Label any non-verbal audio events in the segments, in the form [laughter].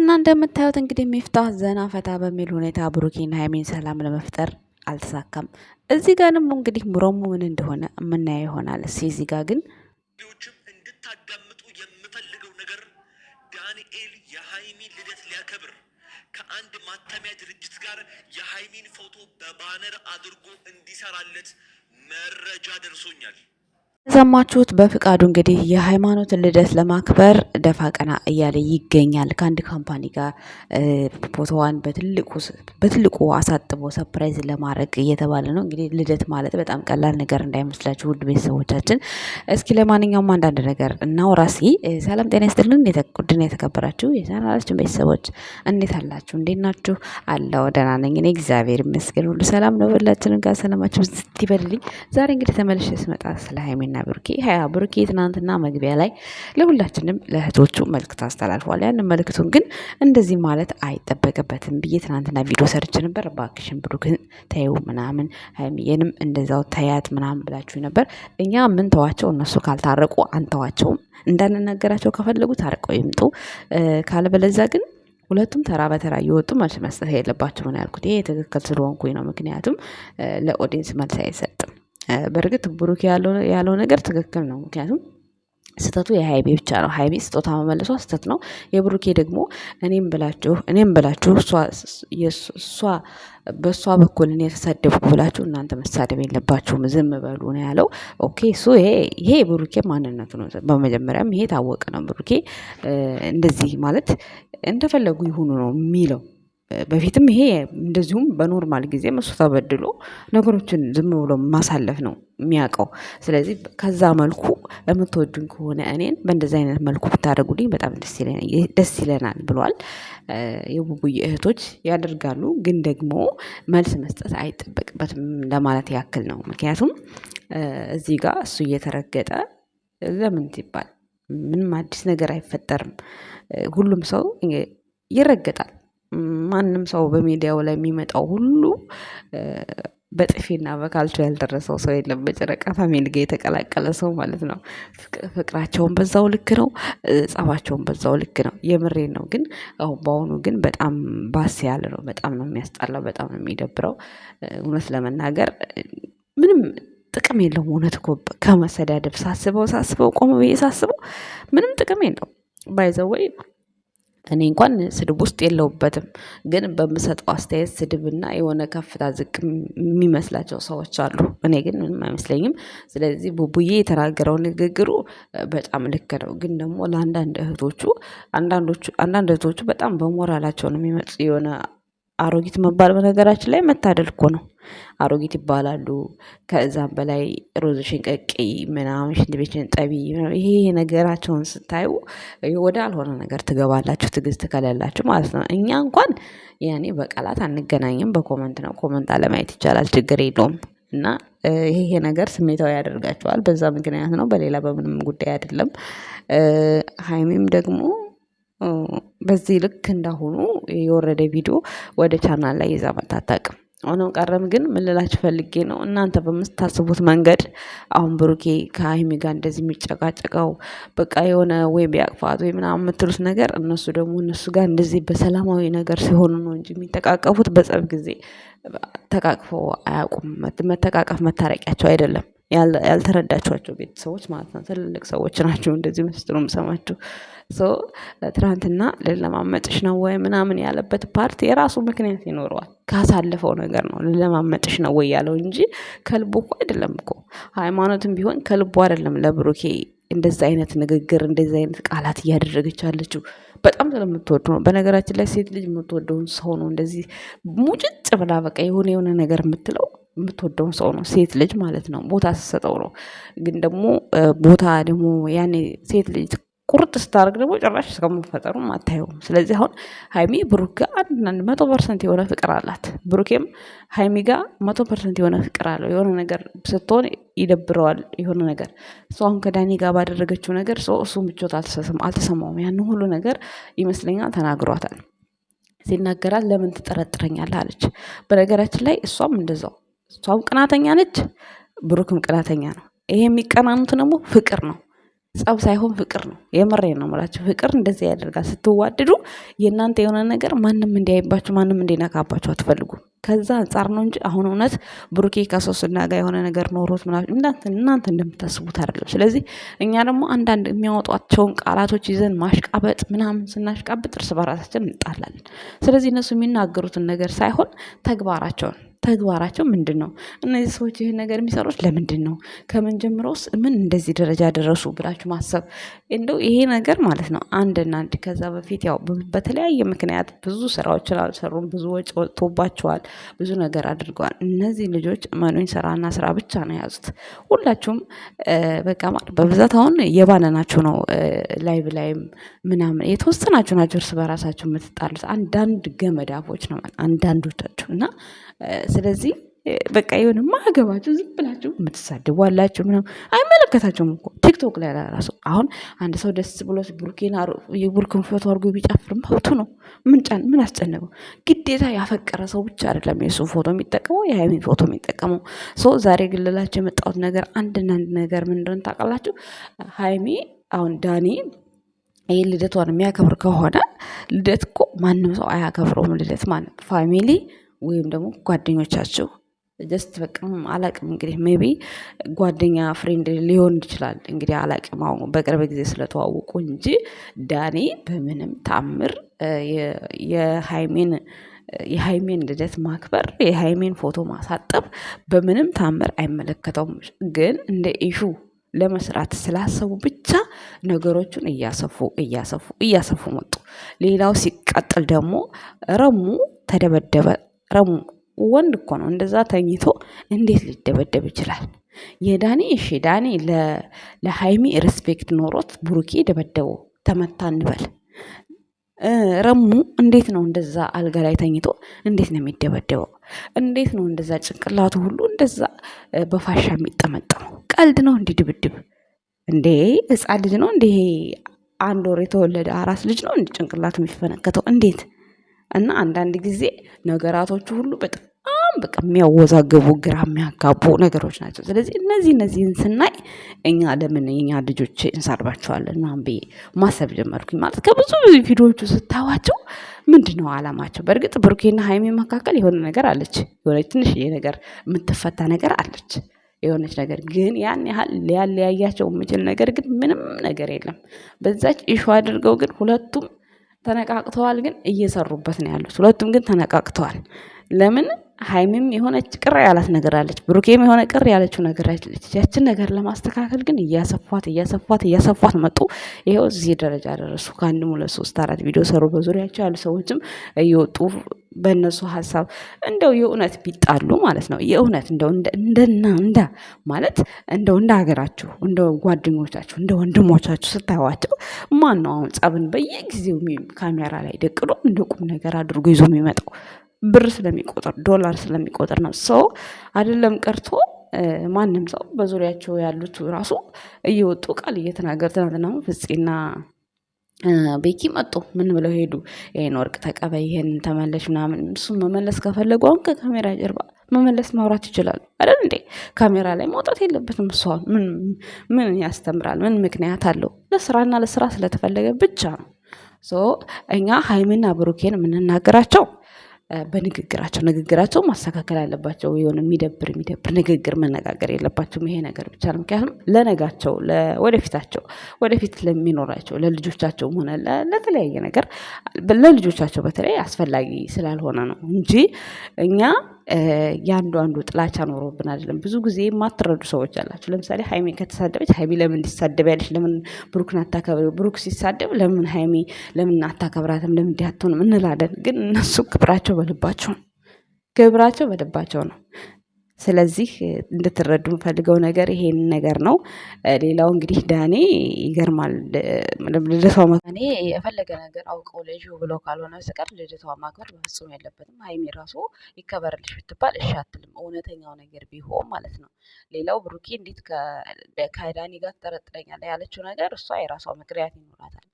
እና እንደምታዩት እንግዲህ የሚፍታህ ዘና ፈታ በሚል ሁኔታ ብሩኬና ሀይሜን ሰላም ለመፍጠር አልተሳካም። እዚህ ጋር እንግዲህ ምሮሙ ምን እንደሆነ የምናየው ይሆናል። እስ እዚህ ጋር ግን እንድታዳምጡ የምፈልገው ነገር ዳንኤል የሀይሚን ልደት ሊያከብር ከአንድ ማተሚያ ድርጅት ጋር የሀይሚን ፎቶ በባነር አድርጎ እንዲሰራለት መረጃ ደርሶኛል። የሰማችሁት በፍቃዱ እንግዲህ የሃይማኖትን ልደት ለማክበር ደፋ ቀና እያለ ይገኛል። ከአንድ ካምፓኒ ጋር ፎቶዋን በትልቁ አሳጥቦ ሰፕራይዝ ለማድረግ እየተባለ ነው። እንግዲህ ልደት ማለት በጣም ቀላል ነገር እንዳይመስላችሁ ውድ ቤተሰቦቻችን። እስኪ ለማንኛውም አንዳንድ ነገር እናውራ። ሰላም ጤና ይስጥልን። ውድና የተከበራችሁ የቻናላችን ቤተሰቦች እንዴት አላችሁ? እንዴት ናችሁ? አለው ደህና ነኝ እኔ እግዚአብሔር ይመስገን፣ ሁሉ ሰላም ነው። ሁላችንም ጋር ሰላማችሁ ስትበልልኝ ዛሬ እንግዲህ ተመልሼ ስመጣ ስለ ሃይሚ ሀይሚና ብሩኬ ሀያ ብሩኬ ትናንትና መግቢያ ላይ ለሁላችንም ለእህቶቹ መልክት አስተላልፏል። ያን መልክቱን ግን እንደዚህ ማለት አይጠበቅበትም ብዬ ትናንትና ቪዲዮ ሰርች ነበር። እባክሽን ብሩክን ተይው ምናምን ሀይሚዬንም እንደዛው ተያት ምናምን ብላችሁ ነበር። እኛ ምን ተዋቸው፣ እነሱ ካልታረቁ አንተዋቸውም። እንዳንነገራቸው ከፈለጉ ታርቀው ይምጡ፣ ካለበለዛ ግን ሁለቱም ተራ በተራ እየወጡ መልስ መስጠት የለባቸው ነው ያልኩት። ይሄ ትክክል ስለሆንኩኝ ነው። ምክንያቱም ለኦዲንስ መልስ አይሰጥም። በእርግጥ ብሩክ ያለው ነገር ትክክል ነው። ምክንያቱም ስህተቱ የሀይሜ ብቻ ነው። ሀይሜ ስጦታ መመለሷ ስህተት ነው። የብሩኬ ደግሞ እኔም ብላችሁ እኔም ብላችሁ እሷ በእሷ በኩል እኔ የተሳደብኩ ብላችሁ እናንተ መሳደብ የለባችሁም ዝም በሉ ነው ያለው። ኦኬ እሱ ይሄ ብሩኬ ማንነቱ ነው። በመጀመሪያም ይሄ ታወቀ ነው። ብሩኬ እንደዚህ ማለት እንደፈለጉ ይሁኑ ነው የሚለው በፊትም ይሄ እንደዚሁም በኖርማል ጊዜ እሱ ተበድሎ ነገሮችን ዝም ብሎ ማሳለፍ ነው የሚያውቀው። ስለዚህ ከዛ መልኩ የምትወዱኝ ከሆነ እኔን በእንደዚ አይነት መልኩ ብታደርጉልኝ በጣም ደስ ይለናል ብሏል። የቡቡዬ እህቶች ያደርጋሉ ግን ደግሞ መልስ መስጠት አይጠበቅበትም ለማለት ያክል ነው። ምክንያቱም እዚህ ጋር እሱ እየተረገጠ ለምን ይባል ምንም አዲስ ነገር አይፈጠርም። ሁሉም ሰው ይረገጣል ማንም ሰው በሚዲያው ላይ የሚመጣው ሁሉ በጥፊና በካልቾ ያልደረሰው ሰው የለም። በጨረቃ ፋሚሊ ጋር የተቀላቀለ ሰው ማለት ነው። ፍቅራቸውን በዛው ልክ ነው፣ ጸባቸውን በዛው ልክ ነው። የምሬ ነው። ግን አሁን በአሁኑ ግን በጣም ባስ ያለ ነው። በጣም ነው የሚያስጠላው፣ በጣም ነው የሚደብረው። እውነት ለመናገር ምንም ጥቅም የለውም። እውነት እኮ ከመሰዳደብ ሳስበው ሳስበው ቆመ ብዬ ሳስበው ምንም ጥቅም የለውም ባይዘወይ እኔ እንኳን ስድብ ውስጥ የለውበትም፣ ግን በምሰጠው አስተያየት ስድብና የሆነ ከፍታ ዝቅ የሚመስላቸው ሰዎች አሉ። እኔ ግን ምንም አይመስለኝም። ስለዚህ ቡቡዬ የተናገረው ንግግሩ በጣም ልክ ነው። ግን ደግሞ ለአንዳንድ እህቶቹ አንዳንድ እህቶቹ በጣም በሞራላቸው ነው የሚመጡ የሆነ አሮጊት መባል በነገራችን ላይ መታደል እኮ ነው። አሮጊት ይባላሉ። ከዛም በላይ ሮዝሽን ቀቂ ምናምን ሽንት ቤትሽን ጠቢ ይሄ ነገራቸውን ስታዩ ወደ አልሆነ ነገር ትገባላችሁ፣ ትግስት ከሌላችሁ ማለት ነው። እኛ እንኳን ያኔ በቃላት አንገናኝም፣ በኮመንት ነው። ኮመንት አለማየት ይቻላል፣ ችግር የለውም። እና ይሄ ነገር ስሜታዊ ያደርጋቸዋል። በዛ ምክንያት ነው፣ በሌላ በምንም ጉዳይ አይደለም። ሀይሚም ደግሞ በዚህ ልክ እንዳሁኑ የወረደ ቪዲዮ ወደ ቻናል ላይ ይዛ አታውቅም። ሆነው ቀረም ግን ምልላችሁ ፈልጌ ነው እናንተ በምታስቡት መንገድ አሁን ብሩኬ ከሀይሚ ጋር እንደዚህ የሚጨቃጨቀው በቃ የሆነ ወይም ቢያቅፋት ወይ ምናምን የምትሉት ነገር እነሱ ደግሞ እነሱ ጋር እንደዚህ በሰላማዊ ነገር ሲሆኑ ነው እንጂ የሚተቃቀፉት በጸብ ጊዜ ተቃቅፈው አያውቁም። መተቃቀፍ መታረቂያቸው አይደለም። ያልተረዳችኋቸው ቤተሰቦች ማለት ነው። ትልልቅ ሰዎች ናቸው እንደዚህ ምስጢሩ የምሰማችሁ። ትናንትና ልለማመጥሽ ነው ወይ ምናምን ያለበት ፓርት የራሱ ምክንያት ይኖረዋል። ካሳለፈው ነገር ነው ልለማመጥሽ ነው ወይ ያለው እንጂ ከልቡ እኮ አይደለም እኮ ሃይማኖትም ቢሆን ከልቡ አይደለም ለብሩኬ እንደዚ አይነት ንግግር እንደዚ አይነት ቃላት እያደረገች ያለችው በጣም ስለምትወዱ ነው። በነገራችን ላይ ሴት ልጅ የምትወደውን ሰው ነው እንደዚህ ሙጭጭ ብላ በቃ የሆነ የሆነ ነገር የምትለው የምትወደውን ሰው ነው ሴት ልጅ ማለት ነው ቦታ ስትሰጠው ነው። ግን ደግሞ ቦታ ደግሞ ያኔ ሴት ልጅ ቁርጥ ስታደርግ ደግሞ ጭራሽ እስከመፈጠሩም አታየውም። ስለዚህ አሁን ሀይሚ ብሩክ አንድ አንዳንድ መቶ ፐርሰንት የሆነ ፍቅር አላት። ብሩኬም ሀይሚ ጋ መቶ ፐርሰንት የሆነ ፍቅር አለው። የሆነ ነገር ስትሆን ይደብረዋል። የሆነ ነገር እሱ አሁን ከዳኒ ጋር ባደረገችው ነገር ሰው እሱ ምቾት አልተሰማውም። ያን ሁሉ ነገር ይመስለኛል ተናግሯታል። ሲናገራት ለምን ትጠረጥረኛለህ አለች። በነገራችን ላይ እሷም እንደዛው እሷም ቅናተኛ ነች፣ ብሩክም ቅናተኛ ነው። ይሄ የሚቀናኑት ደግሞ ፍቅር ነው፣ ጸብ ሳይሆን ፍቅር ነው። የምሬ ነው የምላችሁ። ፍቅር እንደዚህ ያደርጋል። ስትዋደዱ የእናንተ የሆነ ነገር ማንም እንዲያይባችሁ፣ ማንም እንዲነካባችሁ አትፈልጉም። ከዛ አንጻር ነው እንጂ አሁን እውነት ብሩኬ ከሶስና ጋር የሆነ ነገር ኖሮት ምናምን እናንተ እንደምታስቡት አይደለም። ስለዚህ እኛ ደግሞ አንዳንድ የሚያወጧቸውን ቃላቶች ይዘን ማሽቃበጥ ምናምን ስናሽቃበጥ እርስ በራሳችን እንጣላለን። ስለዚህ እነሱ የሚናገሩትን ነገር ሳይሆን ተግባራቸውን ተግባራቸው ምንድን ነው? እነዚህ ሰዎች ይህን ነገር የሚሰሩት ለምንድን ነው? ከምን ጀምሮስ ምን እንደዚህ ደረጃ ደረሱ ብላችሁ ማሰብ እንደው ይሄ ነገር ማለት ነው። አንድና አንድ ከዛ በፊት ያው በተለያየ ምክንያት ብዙ ስራዎችን አልሰሩም፣ ብዙ ወጪ ወጥቶባቸዋል፣ ብዙ ነገር አድርገዋል። እነዚህ ልጆች መኖኝ ስራና ስራ ብቻ ነው የያዙት። ሁላችሁም በቃ በብዛት አሁን የባነናችሁ ነው። ላይብ ላይም ምናምን የተወሰናችሁ ናቸው እርስ በራሳችሁ የምትጣሉት። አንዳንድ ገመዳፎች ነው አንዳንዶቻችሁ እና ስለዚህ በቃ የሆነ ማገባችሁ ዝም ብላችሁ የምትሳድቧላችሁ ምናምን አይመለከታችሁም እኮ ቲክቶክ ላይ ራሱ አሁን አንድ ሰው ደስ ብሎት ብሩኬን ፎቶ አድርጎ ቢጨፍር መብቱ ነው። ምንጫን ምን አስጨነቀው? ግዴታ ያፈቀረ ሰው ብቻ አይደለም የሱ ፎቶ የሚጠቀመው የሀይሚ ፎቶ የሚጠቀመው ሰው። ዛሬ ግልላቸው የመጣሁት ነገር አንድና አንድ ነገር ምንድን ታውቃላችሁ? ሀይሚ አሁን ዳኒ ይህ ልደቷን የሚያከብር ከሆነ ልደት እኮ ማንም ሰው አያከብረውም። ልደት ማለት ፋሚሊ ወይም ደግሞ ጓደኞቻችሁ ጀስት በቃ አላቅም እንግዲህ ሜቢ ጓደኛ ፍሬንድ ሊሆን ይችላል። እንግዲህ አላቅም አሁን በቅርብ ጊዜ ስለተዋወቁ እንጂ ዳኔ በምንም ተአምር የሃይሜን የሃይሜን ልደት ማክበር የሃይሜን ፎቶ ማሳጠብ በምንም ተአምር አይመለከተውም። ግን እንደ ኢሹ ለመስራት ስላሰቡ ብቻ ነገሮቹን እያሰፉ እያሰፉ እያሰፉ መጡ። ሌላው ሲቀጥል ደግሞ ረሙ ተደበደበ ረሙ ወንድ እኮ ነው እንደዛ ተኝቶ እንዴት ሊደበደብ ይችላል? የዳኒ እሺ ዳኒ ለሃይሚ ሪስፔክት ኖሮት ብሩኬ ደበደቡ ተመታ እንበል። ረሙ እንዴት ነው እንደዛ አልጋ ላይ ተኝቶ እንዴት ነው የሚደበደበው? እንዴት ነው እንደዛ ጭንቅላቱ ሁሉ እንደዛ በፋሻ የሚጠመጠመው? ቀልድ ነው እንዲህ ድብድብ እንዴ? ህፃን ልጅ ነው እንዲህ አንድ ወር የተወለደ አራስ ልጅ ነው እንዲህ ጭንቅላቱ የሚፈነከተው እንዴት እና አንዳንድ ጊዜ ነገራቶቹ ሁሉ በጣም በቃ የሚያወዛግቡ ግራ የሚያጋቡ ነገሮች ናቸው። ስለዚህ እነዚህ እነዚህን ስናይ እኛ ለምን የኛ ልጆች እንሳድባቸዋለን ምናምን ብዬ ማሰብ ጀመርኩኝ። ማለት ከብዙ ብዙ ቪዲዮዎቹ ስታዋቸው ምንድን ነው አላማቸው? በእርግጥ ብሩኬና ሀይሜ መካከል የሆነ ነገር አለች፣ የሆነች ትንሽዬ ነገር የምትፈታ ነገር አለች የሆነች ነገር ግን ያን ያህል ሊያለያያቸው የምችል ነገር ግን ምንም ነገር የለም። በዛች ኢሹ አድርገው ግን ሁለቱም ተነቃቅተዋል ግን እየሰሩበት ነው ያሉት። ሁለቱም ግን ተነቃቅተዋል። ለምን ሀይሚም የሆነች ቅር ያላት ነገር አለች፣ ብሩኬም የሆነ ቅር ያለችው ነገር አለች። ያችን ነገር ለማስተካከል ግን እያሰፏት እያሰፏት እያሰፏት መጡ። ይኸው እዚህ ደረጃ ደረሱ። ከአንድ ሁለት ሶስት አራት ቪዲዮ ሰሩ። በዙሪያቸው ያሉ ሰዎችም እየወጡ በእነሱ ሀሳብ እንደው የእውነት ቢጣሉ ማለት ነው የእውነት እንደው እንደና እንደ ማለት እንደው እንደ ሀገራችሁ እንደ ጓደኞቻችሁ እንደ ወንድሞቻችሁ ስታዩዋቸው ማን ነው አሁን ጸብን በየጊዜው ካሜራ ላይ ደቅሎ እንደ ቁም ነገር አድርጎ ይዞ የሚመጣው? ብር ስለሚቆጥር ዶላር ስለሚቆጥር ነው። ሶ አይደለም ቀርቶ ማንም ሰው በዙሪያቸው ያሉት ራሱ እየወጡ ቃል እየተናገሩ ትናንትና ፍፄና ቤኪ መጡ። ምን ብለው ሄዱ? ይሄን ወርቅ ተቀበይ፣ ይህን ተመለሽ ምናምን። እሱን መመለስ ከፈለጉ አሁን ከካሜራ ጀርባ መመለስ ማውራት ይችላሉ አይደል እንዴ? ካሜራ ላይ መውጣት የለበትም። እሷ ምን ምን ያስተምራል? ምን ምክንያት አለው? ለስራና ለስራ ስለተፈለገ ብቻ ነው። ሶ እኛ ሀይሚና ብሩኬን የምንናገራቸው በንግግራቸው ንግግራቸው ማስተካከል አለባቸው። የሆነ የሚደብር የሚደብር ንግግር መነጋገር የለባቸውም። ይሄ ነገር ብቻ ነው። ምክንያቱም ለነጋቸው ወደፊታቸው ወደፊት ለሚኖራቸው ለልጆቻቸውም ሆነ ለተለያየ ነገር ለልጆቻቸው በተለይ አስፈላጊ ስላልሆነ ነው እንጂ እኛ የአንዱ አንዱ ጥላቻ ኖሮብን አይደለም። ብዙ ጊዜ የማትረዱ ሰዎች አላችሁ። ለምሳሌ ሀይሚ ከተሳደበች ሀይሚ ለምን እንዲሳደብ ያለች ለምን ብሩክን አታከብሪ፣ ብሩክ ሲሳደብ ለምን ሀይሜ ለምን አታከብራትም፣ ለምን እንዲህ አትሆንም እንላለን። ግን እነሱ ክብራቸው በልባቸው ነው፣ ክብራቸው በልባቸው ነው። ስለዚህ እንድትረዱ የምፈልገው ነገር ይሄን ነገር ነው። ሌላው እንግዲህ ዳኔ ይገርማል። ልደቷ እኔ የፈለገ ነገር አውቀው ልጅ ብሎ ካልሆነ በስተቀር ልደቷ ማክበር በፍጹም የለበትም። ሀይሚ ራሱ ይከበርልሽ ብትባል እሺ አትልም፣ እውነተኛው ነገር ቢሆን ማለት ነው። ሌላው ብሩኬ እንዴት ከዳኔ ጋር ትጠረጥረኛለህ ያለችው ነገር እሷ የራሷ ምክንያት ይኖራታል።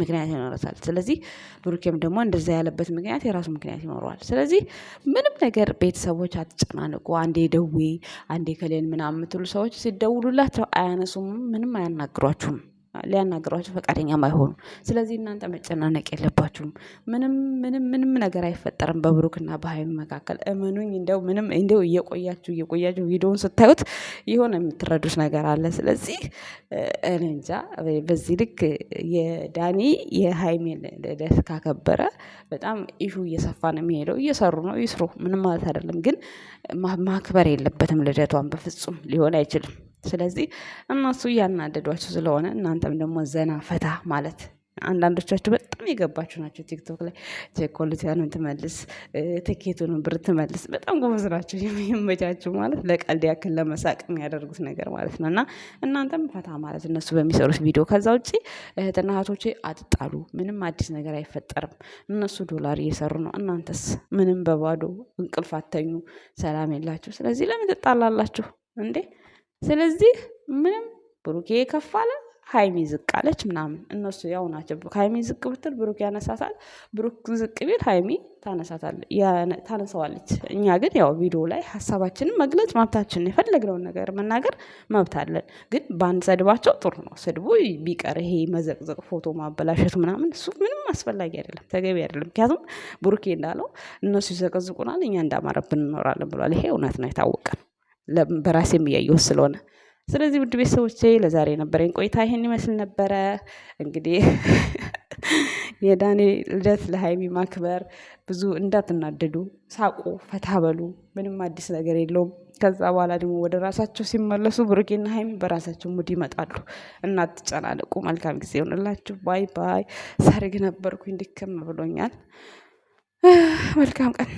ምክንያት ይኖረታል። ስለዚህ ብሩኬም ደግሞ እንደዛ ያለበት ምክንያት የራሱ ምክንያት ይኖረዋል። ስለዚህ ምንም ነገር ቤተሰቦች አትጨናንቁ። አንዴ ደዌ አንዴ ከሌን ምናምን የምትሉ ሰዎች ሲደውሉላቸው አያነሱም፣ ምንም አያናግሯችሁም። ሊያናግሯቸው ፈቃደኛ አይሆኑ ስለዚህ እናንተ መጨናነቅ የለባችሁም። ምንም ምንም ምንም ነገር አይፈጠርም በብሩክና በሀይሚ መካከል እመኑኝ። እንደው ምንም እንደው እየቆያችሁ እየቆያችሁ ቪዲዮውን ስታዩት የሆነ የምትረዱት ነገር አለ። ስለዚህ እኔ እንጃ በዚህ ልክ የዳኒ የሀይሜን ልደት ካከበረ በጣም ኢሹ እየሰፋ ነው የሚሄደው። እየሰሩ ነው ይስሩ፣ ምንም ማለት አይደለም። ግን ማክበር የለበትም ልደቷን በፍጹም ሊሆን አይችልም። ስለዚህ እነሱ እያናደዷችሁ ስለሆነ እናንተም ደግሞ ዘና ፈታ ማለት አንዳንዶቻችሁ በጣም የገባችሁ ናቸው። ቲክቶክ ላይ ቸኮልቲያኑን ትመልስ ትኬቱን ብር ትመልስ በጣም ጎበዝ ናቸው። [laughs] የሚመቻችሁ ማለት ለቀልድ ያክል ለመሳቅ የሚያደርጉት ነገር ማለት ነው። እና እናንተም ፈታ ማለት እነሱ በሚሰሩት ቪዲዮ። ከዛ ውጭ እህትና እህቶቼ አትጣሉ። ምንም አዲስ ነገር አይፈጠርም። እነሱ ዶላር እየሰሩ ነው። እናንተስ ምንም በባዶ እንቅልፍ አተኙ፣ ሰላም የላችሁ። ስለዚህ ለምን ትጣላላችሁ እንዴ? ስለዚህ ምንም ብሩኬ የከፋለ ሀይሚ ዝቅ አለች ምናምን እነሱ ያው ናቸው። ሀይሚ ዝቅ ብትል ብሩክ ያነሳታል፣ ብሩክ ዝቅ ቢል ሀይሚ ታነሳዋለች። እኛ ግን ያው ቪዲዮ ላይ ሀሳባችንን መግለጽ መብታችንን የፈለግነውን ነገር መናገር መብት አለን። ግን በአንድ ሰድባቸው ጥሩ ነው። ስድቡ ቢቀር ይሄ መዘቅዘቅ፣ ፎቶ ማበላሸት ምናምን እሱ ምንም አስፈላጊ አይደለም፣ ተገቢ አይደለም። ምክንያቱም ብሩኬ እንዳለው እነሱ ይዘቀዝቁናል፣ እኛ እንዳማረብን እንኖራለን ብሏል። ይሄ እውነት ነው፣ የታወቀ ነው። በራሴም እያየሁት ስለሆነ ስለዚህ ውድ ቤተሰቦቼ ለዛሬ የነበረኝ ቆይታ ይሄን ይመስል ነበረ። እንግዲህ [laughs] የዳኔ ልደት ለሀይሚ ማክበር ብዙ እንዳትናደዱ፣ ሳቁ፣ ፈታ በሉ። ምንም አዲስ ነገር የለውም። ከዛ በኋላ ደግሞ ወደ ራሳቸው ሲመለሱ ብሩኬና ሀይሚ በራሳቸው ሙድ ይመጣሉ እና መልካም ጊዜ ይሆንላችሁ። ባይ ባይ። ሰርግ ነበርኩ እንዲከም ብሎኛል። መልካም ቀን